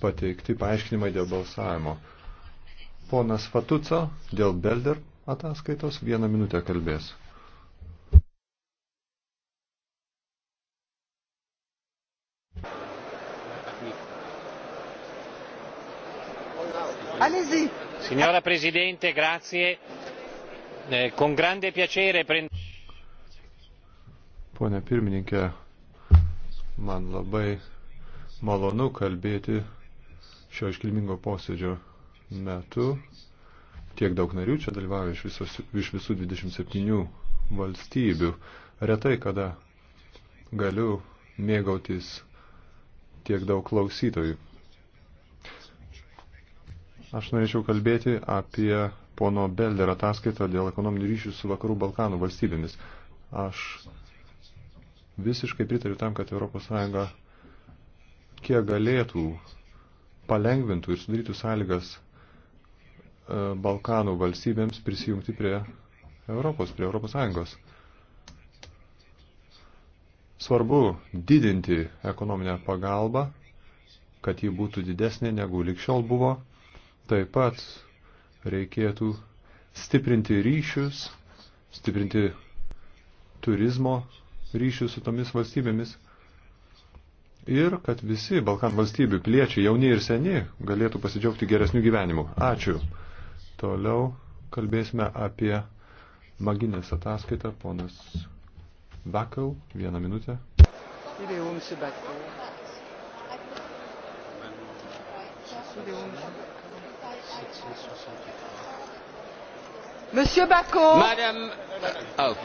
pateikti paaiškinimai dėl balsavimo. Ponas Fatuco dėl Belder ataskaitos vieną minutę kalbės. signora presidente grazie eh, con grande piacere prendo Pone pirmininkė, man labai malonu kalbėti šio iškilmingo posėdžio metu tiek daug narių čia dalyvauja iš, visos, iš visų 27 valstybių. Retai kada galiu mėgautis tiek daug klausytojų. Aš norėčiau kalbėti apie pono Belder ataskaitą dėl ekonominių ryšių su vakarų Balkanų valstybėmis. Aš visiškai pritariu tam, kad ES kiek galėtų palengvintų ir sudarytų sąlygas e, Balkanų valstybėms prisijungti prie Europos, prie Europos Sąjungos. Svarbu didinti ekonominę pagalbą, kad ji būtų didesnė negu likščiol buvo. Taip pat reikėtų stiprinti ryšius, stiprinti turizmo ryšius su tomis valstybėmis ir kad visi Balkan valstybių piliečiai, jauni ir seni, galėtų pasidžiaugti geresnių gyvenimų. Ačiū. Toliau kalbėsime apie maginės ataskaitą, ponas Bakau, vieną minutę. Monsieur Bacot. Madame. Oh.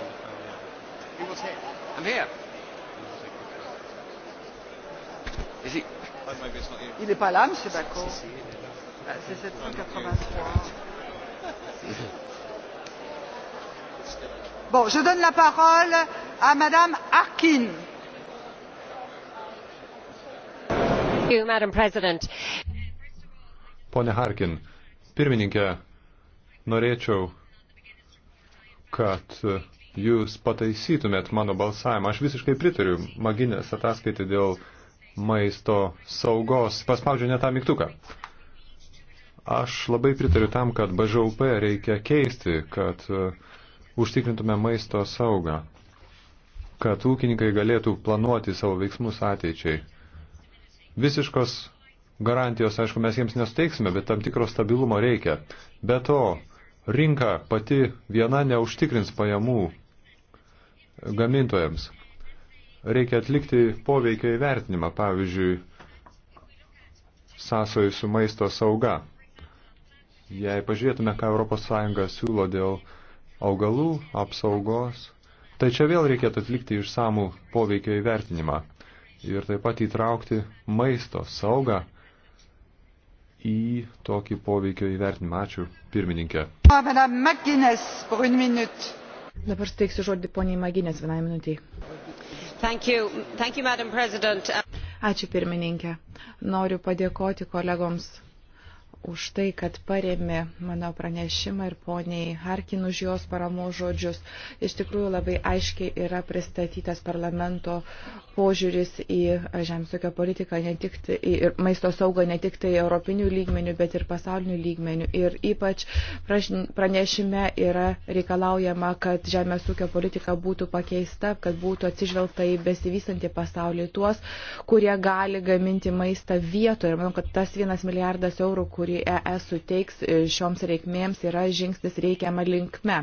I'm here. Is he? Oh, maybe it's not you. Il n'est pas là, M. Bacot. Si, si, il est là. Ah, c'est 783. bon, je donne la parole à Madame Harkin. You, Madam President. Pone Harkin, pirmininkė, norėčiau, kad jūs pataisytumėt mano balsavimą. Aš visiškai pritariu Maginės ataskaitai dėl uh, maisto saugos. Paspaudžiu ne tą mygtuką. Aš labai pritariu tam, kad BŽUP reikia keisti, kad uh, užtikrintume maisto saugą, kad ūkininkai galėtų planuoti savo veiksmus ateičiai. Visiškos garantijos, aišku, mes jiems nesuteiksime, bet tam tikro stabilumo reikia. Be to, rinka pati viena neužtikrins pajamų gamintojams reikia atlikti poveikio įvertinimą, pavyzdžiui, sąsojų su maisto sauga. Jei pažiūrėtume, ką ES siūlo dėl augalų apsaugos, tai čia vėl reikėtų atlikti išsamų poveikio įvertinimą ir taip pat įtraukti maisto saugą į tokį poveikio įvertinimą. Ačiū, pirmininkė. Ah, Dabar steiksiu žodį poniai Maginės vienai minutiai. Thank you. Thank you, Ačiū pirmininkė. Noriu padėkoti kolegoms už tai, kad paremė mano pranešimą ir poniai Harkin už jos paramos žodžius. Iš tikrųjų labai aiškiai yra pristatytas parlamento požiūris į žemės ūkio politiką, ne tik tai, ir maisto saugą ne tik tai europinių lygmenių, bet ir pasaulinių lygmenių. Ir ypač pranešime yra reikalaujama, kad žemės ūkio politika būtų pakeista, kad būtų atsižvelgta į besivystantį pasaulį tuos, kurie gali gaminti maistą vietoje. Ir manau, kad tas vienas milijardas eurų, kurį kurį ES suteiks e, šioms reikmėms, yra žingsnis reikiama linkme.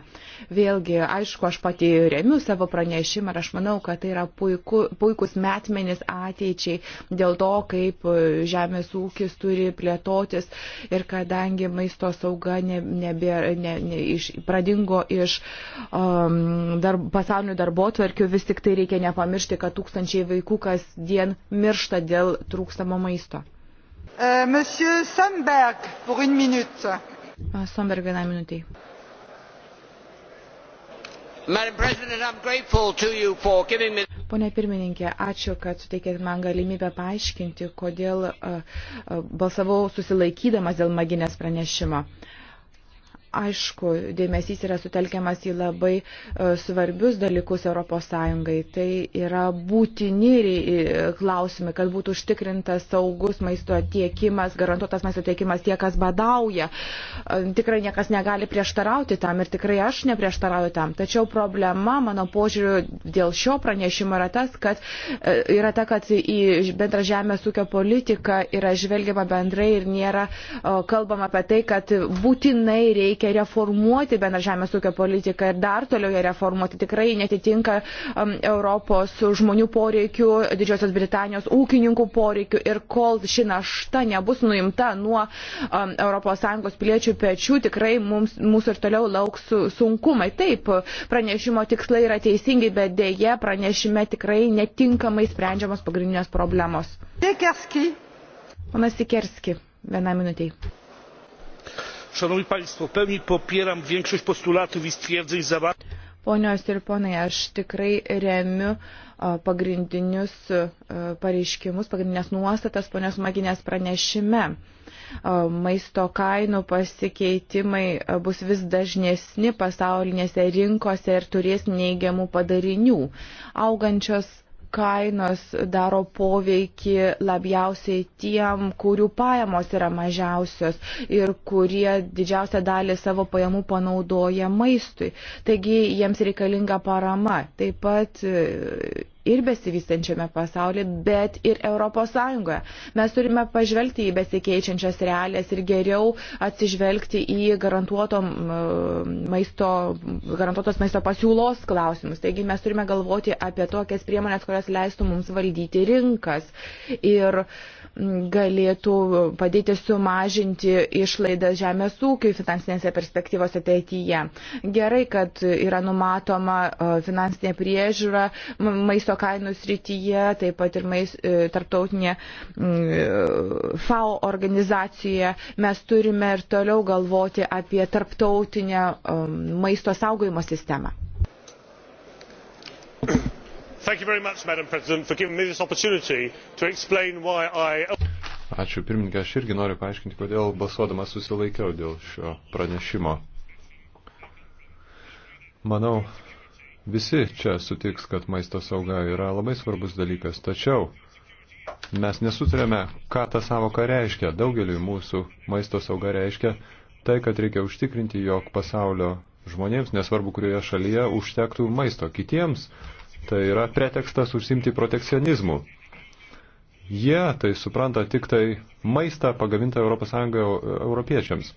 Vėlgi, aišku, aš pati remiu savo pranešimą ir aš manau, kad tai yra puiku, puikus metmenis ateičiai dėl to, kaip e, žemės ūkis turi plėtotis ir kadangi maisto sauga ne, nebė, ne, ne, iš, pradingo iš um, dar, pasaulinių darbo tvarkių, vis tik tai reikia nepamiršti, kad tūkstančiai vaikų kasdien miršta dėl trūkstamo maisto. Euh, Monsieur Sandberg, pour une minute. Sandberg, vienai minutei. Pone pirmininkė, ačiū, kad suteikėt man galimybę paaiškinti, kodėl uh, uh, balsavau susilaikydamas dėl maginės pranešimo. Uh, aišku, dėmesys yra sutelkiamas į labai e, svarbius dalykus ES. Tai yra būtini e, klausimai, kad būtų užtikrintas saugus maisto tiekimas, garantuotas maisto tiekimas tie, kas badauja. E, tikrai niekas negali prieštarauti tam ir tikrai aš neprieštarauju tam. Tačiau problema, mano požiūriu, dėl šio pranešimo yra tas, kad yra ta, kad į bendrą žemės ūkio politiką yra žvelgiama bendrai ir nėra kalbama apie tai, kad būtinai reikia reikia reformuoti bendrą žemės ūkio politiką ir dar toliau ją reformuoti. Tikrai netitinka um, Europos žmonių poreikių, Didžiosios Britanijos ūkininkų poreikių ir kol ši našta nebus nuimta nuo um, ES piliečių pečių, tikrai mums, mūsų ir toliau lauks sunkumai. Taip, pranešimo tikslai yra teisingi, bet dėje pranešime tikrai netinkamai sprendžiamos pagrindinės problemos. Sikerski. Ponas Sikerski, vieną minutę pełni popieram większość postulatów i stwierdzeń zawartych Ponios ir ponai, aš tikrai remiu pagrindinius pareiškimus, pagrindinės nuostatas ponios Maginės pranešime. Maisto kainų pasikeitimai bus vis dažnesni pasaulinėse rinkose ir turės neigiamų padarinių. Augančios kainos daro poveikį labiausiai tiem, kurių pajamos yra mažiausios ir kurie didžiausią dalį savo pajamų panaudoja maistui. Taigi jiems reikalinga parama. Taip pat ir besivystančiame pasaulyje, bet ir ES. Mes turime pažvelgti į besikeičiančias realės ir geriau atsižvelgti į garantuoto maisto, garantuotos maisto pasiūlos klausimus. Taigi mes turime galvoti apie tokias priemonės, kurios leistų mums valdyti rinkas. Ir uh, galėtų padėti sumažinti išlaidas žemės ūkiui finansinėse perspektyvose ateityje. Gerai, kad yra numatoma e, finansinė priežiūra maisto kainų srityje, taip pat ir mais, e, tarptautinė e, FAO organizacija. Mes turime ir toliau galvoti apie tarptautinę maisto saugojimo sistemą madam president for giving me this opportunity to explain why i. ačiū pirmininke aš irgi noriu paaiškinti kodėl balsuodamas susilaikiau dėl šio pranešimo. manau visi čia sutiks kad maisto sauga yra labai svarbus dalykas tačiau mes nesutarėme ką ta savoka reiškia daugeliui mūsų maisto sauga reiškia tai kad reikia užtikrinti jog pasaulio žmonėms nesvarbu kurioje šalyje užtektų maisto kitiems Tai yra pretekstas užsimti protekcionizmu. Jie tai supranta tik tai maistą pagamintą ES europiečiams.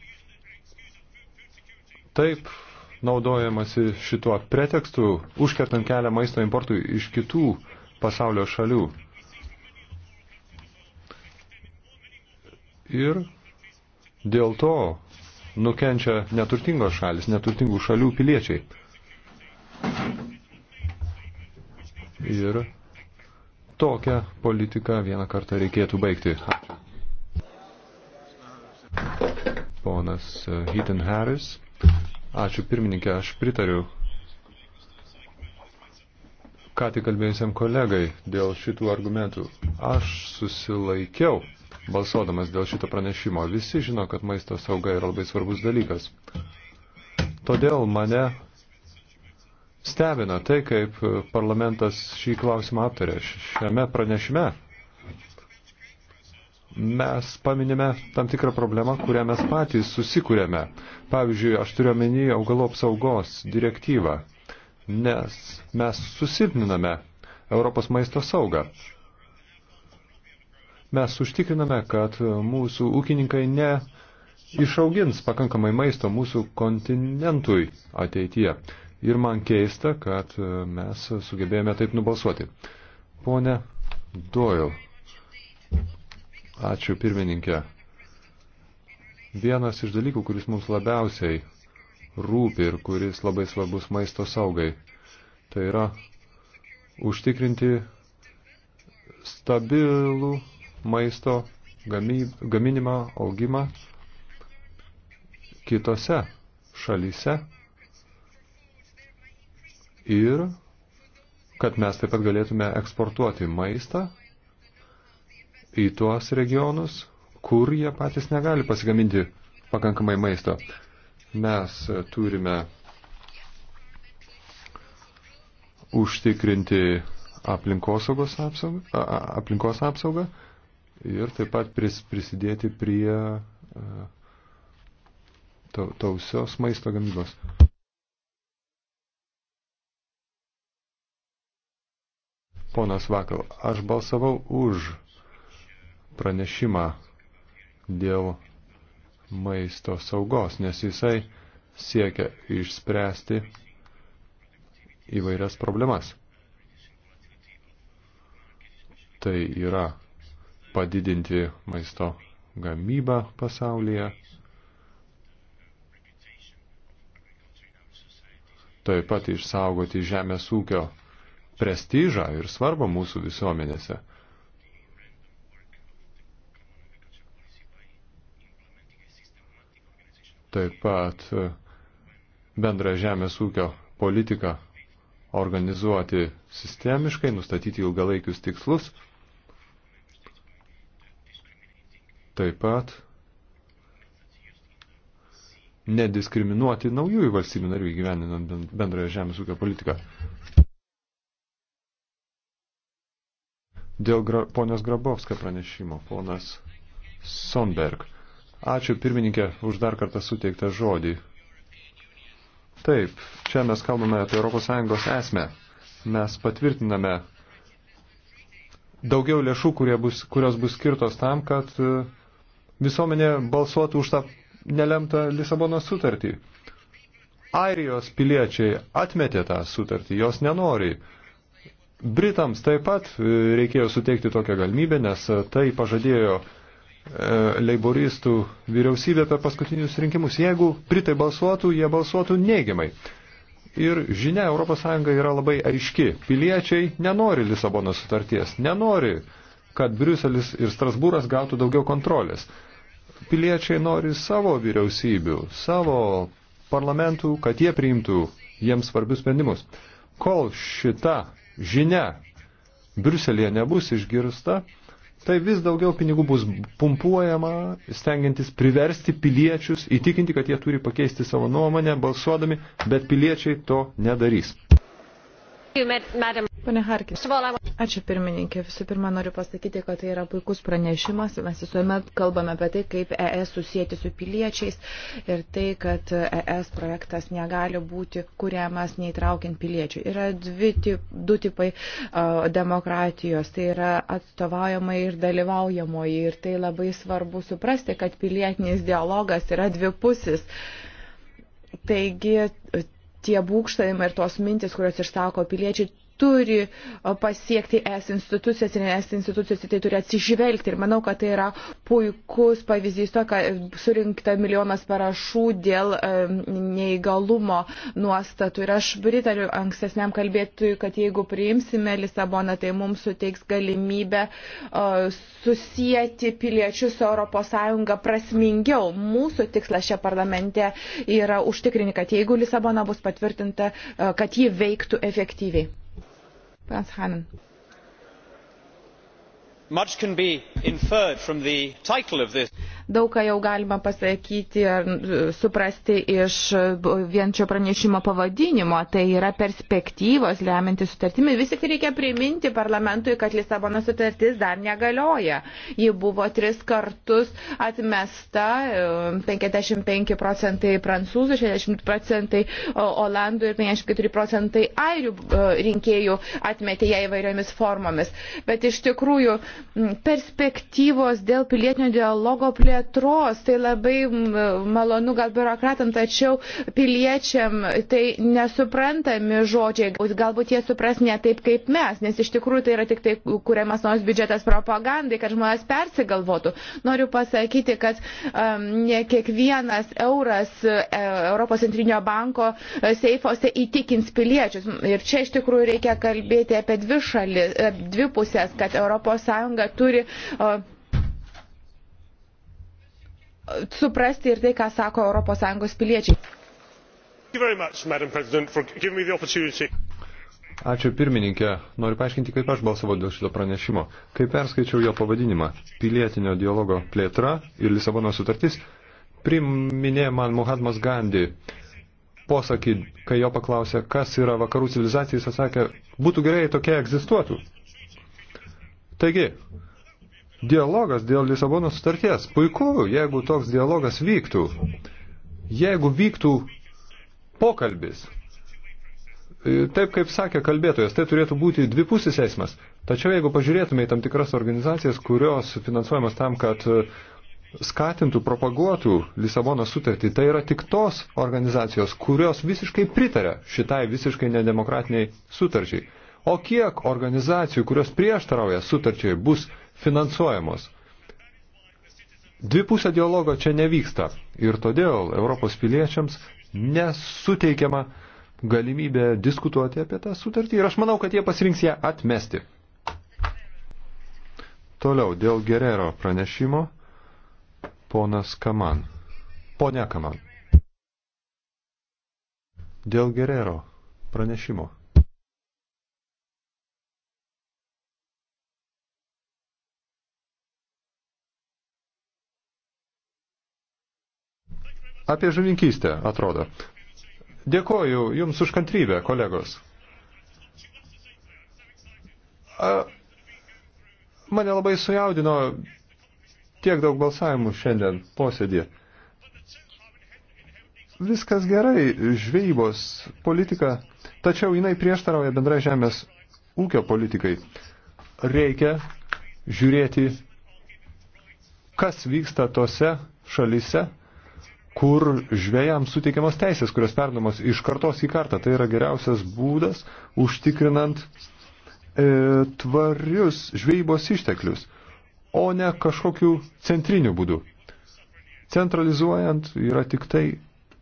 Taip naudojamasi šituo pretekstu, užkertant kelią maisto importui iš kitų pasaulio šalių. Ir dėl to nukenčia neturtingos šalis, neturtingų šalių piliečiai. ir tokią politiką vieną kartą reikėtų baigti. Ačiū. Ponas Heaton Harris. Ačiū pirmininkė, aš pritariu ką tik kalbėjusiam kolegai dėl šitų argumentų. Aš susilaikiau balsuodamas dėl šito pranešimo. Visi žino, kad maisto sauga yra labai svarbus dalykas. Todėl mane stebina tai, kaip parlamentas šį klausimą aptarė šiame pranešime. Mes paminime tam tikrą problemą, kurią mes patys susikūrėme. Pavyzdžiui, aš turiu omeny augalų apsaugos direktyvą, nes mes susilpniname Europos maisto saugą. Mes užtikriname, kad mūsų ūkininkai ne išaugins pakankamai maisto mūsų kontinentui ateityje ir man keista, kad e, mes sugebėjome taip nubalsuoti. Pone Doyle, ačiū pirmininkė. Vienas iš dalykų, kuris mums labiausiai rūpi ir kuris labai svarbus maisto saugai, tai yra užtikrinti stabilų maisto gamy, gaminimą, augimą kitose šalyse ir kad mes taip pat galėtume eksportuoti maistą į tuos regionus, kur jie patys negali pasigaminti pakankamai maisto. Mes turime užtikrinti aplinkosaugos apsaugą, aplinkos apsaugą ir taip pat pris, prisidėti prie tausios maisto gamybos. Ponas Vakal, aš balsavau už pranešimą dėl maisto saugos, nes jisai siekia išspręsti įvairias problemas. Tai yra padidinti maisto gamybą pasaulyje, taip pat išsaugoti žemės ūkio prestižą ir svarbą mūsų visuomenėse. Taip pat e, bendra žemės ūkio politika organizuoti sistemiškai, nustatyti ilgalaikius tikslus. Taip pat nediskriminuoti naujųjų valstybių narių įgyveninant bendrąją žemės ūkio politiką. Dėl gra, ponios Grabovskio pranešimo, ponas Sonberg. Ačiū pirmininkė už dar kartą suteiktą žodį. Taip, čia mes kalbame apie ES esmę. Mes patvirtiname daugiau lėšų, bus, kurios bus skirtos tam, kad e, visuomenė balsuotų už tą nelemtą Lisabonos sutartį. Airijos piliečiai atmetė tą sutartį, jos nenori. Britams taip pat e, reikėjo suteikti tokią galimybę, nes e, tai pažadėjo e, leiboristų vyriausybė per paskutinius rinkimus. Jeigu Britai balsuotų, jie balsuotų neigiamai. Ir žinia, ES yra labai aiški. Piliečiai nenori Lisabono sutarties, nenori, kad Briuselis ir Strasbūras gautų daugiau kontrolės. Piliečiai nori savo vyriausybių, savo parlamentų, kad jie priimtų jiems svarbius sprendimus. Kol šita žinia Briuselėje nebus išgirsta, tai vis daugiau pinigų bus pumpuojama, stengiantis priversti piliečius, įtikinti, kad jie turi pakeisti savo nuomonę balsuodami, bet piliečiai to nedarys. Madam. Pane Harkis, ačiū pirmininkė. Visų pirma, noriu pasakyti, kad tai yra puikus pranešimas. Mes visuomet kalbame apie tai, kaip ES susijęti su piliečiais ir tai, kad ES projektas negali būti kuriamas neįtraukiant piliečių. Yra dvi, du tipai uh, demokratijos. Tai yra atstovaujama ir dalyvaujamoji. Ir tai labai svarbu suprasti, kad pilietinis dialogas yra dvipusis. Taigi, tie būkštavimai ir tos mintis, kurios išsako piliečiai, turi pasiekti es institucijas ir es institucijos į tai turi atsižvelgti. Ir manau, kad tai yra puikus pavyzdys to, kad surinkta milijonas parašų dėl e, neįgalumo nuostatų. Ir aš pritariu ankstesniam kalbėtui, kad jeigu priimsime Lisaboną, tai mums suteiks galimybę susijęti piliečius su ES prasmingiau. Mūsų tikslas čia parlamente yra užtikrinti, kad jeigu Lisabona bus patvirtinta, kad ji veiktų efektyviai. Ponas Hanin. Daug ką jau galima pasakyti ar e, suprasti iš e, vien šio pranešimo pavadinimo, tai yra perspektyvos lemintis sutartimi. Vis tik reikia priminti parlamentui, kad Lisabono sutartis dar negalioja. Ji buvo tris kartus atmesta, 55 e, procentai prancūzų, 60 procentai olandų ir 54 procentai airių rinkėjų atmetė ją įvairiomis formomis. Bet iš tikrųjų, perspektyvos dėl pilietinio dialogo plėtros. Tai labai malonu gal biurokratam, tačiau piliečiam tai nesuprantami žodžiai. Galbūt jie supras ne taip kaip mes, nes iš tikrųjų tai yra tik tai kuriamas nors biudžetas propagandai, kad žmonės persigalvotų. Noriu pasakyti, kad um, ne kiekvienas euras e, Europos centrinio banko e, seifose įtikins piliečius. Ir čia iš tikrųjų reikia kalbėti apie dvi šalis, e, dvi pusės, kad ES turi suprasti ir tai, ką sako ES piliečiai. Ačiū pirmininkė. Noriu paaiškinti, kaip aš balsavau dėl šito pranešimo. Kai perskaičiau jo pavadinimą – pilietinio dialogo plėtra ir Lisabono sutartis, priminė man Muhammas Gandhi posakį, kai jo paklausė, kas yra vakarų civilizacija, jis atsakė, būtų gerai tokia egzistuotų. Taigi, dialogas dėl Lisabonos sutarties. Puiku, jeigu toks dialogas vyktų. Jeigu vyktų pokalbis. E, taip, kaip sakė kalbėtojas, tai turėtų būti dvipusis eismas. Tačiau jeigu pažiūrėtume į tam tikras organizacijas, kurios finansuojamas tam, kad e, skatintų, propaguotų Lisabono sutartį, tai yra tik tos organizacijos, kurios visiškai pritarė šitai visiškai nedemokratiniai sutarčiai. O kiek organizacijų, kurios prieštarauja sutarčiai, bus finansuojamos? Dvipusio dialogo čia nevyksta ir todėl Europos piliečiams nesuteikiama galimybė diskutuoti apie tą sutartį ir aš manau, kad jie pasirinks ją atmesti. Toliau, dėl Gerero pranešimo, ponas Kaman. Pone Kaman. Dėl Gerero pranešimo. apie žuvininkystę, atrodo. Dėkoju Jums už kantrybę, kolegos. A, mane labai sujaudino tiek daug balsavimų šiandien posėdį. Viskas gerai, žvejybos politika, tačiau jinai prieštarauja bendrai žemės ūkio politikai. Reikia žiūrėti, kas vyksta tose šalise, kur žvėjams suteikiamos teisės, kurios perdamos iš kartos į kartą. Tai yra geriausias būdas užtikrinant e, tvarius žvejybos išteklius, o ne kažkokiu centriniu būdu. Centralizuojant yra tik tai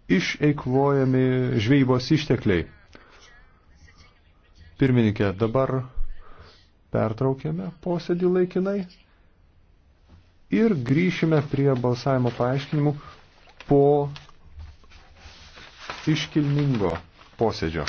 išeikvojami žvejybos ištekliai. Pirmininkė, dabar pertraukėme posėdį laikinai ir grįšime prie balsavimo paaiškinimų po iškilmingo posėdžio.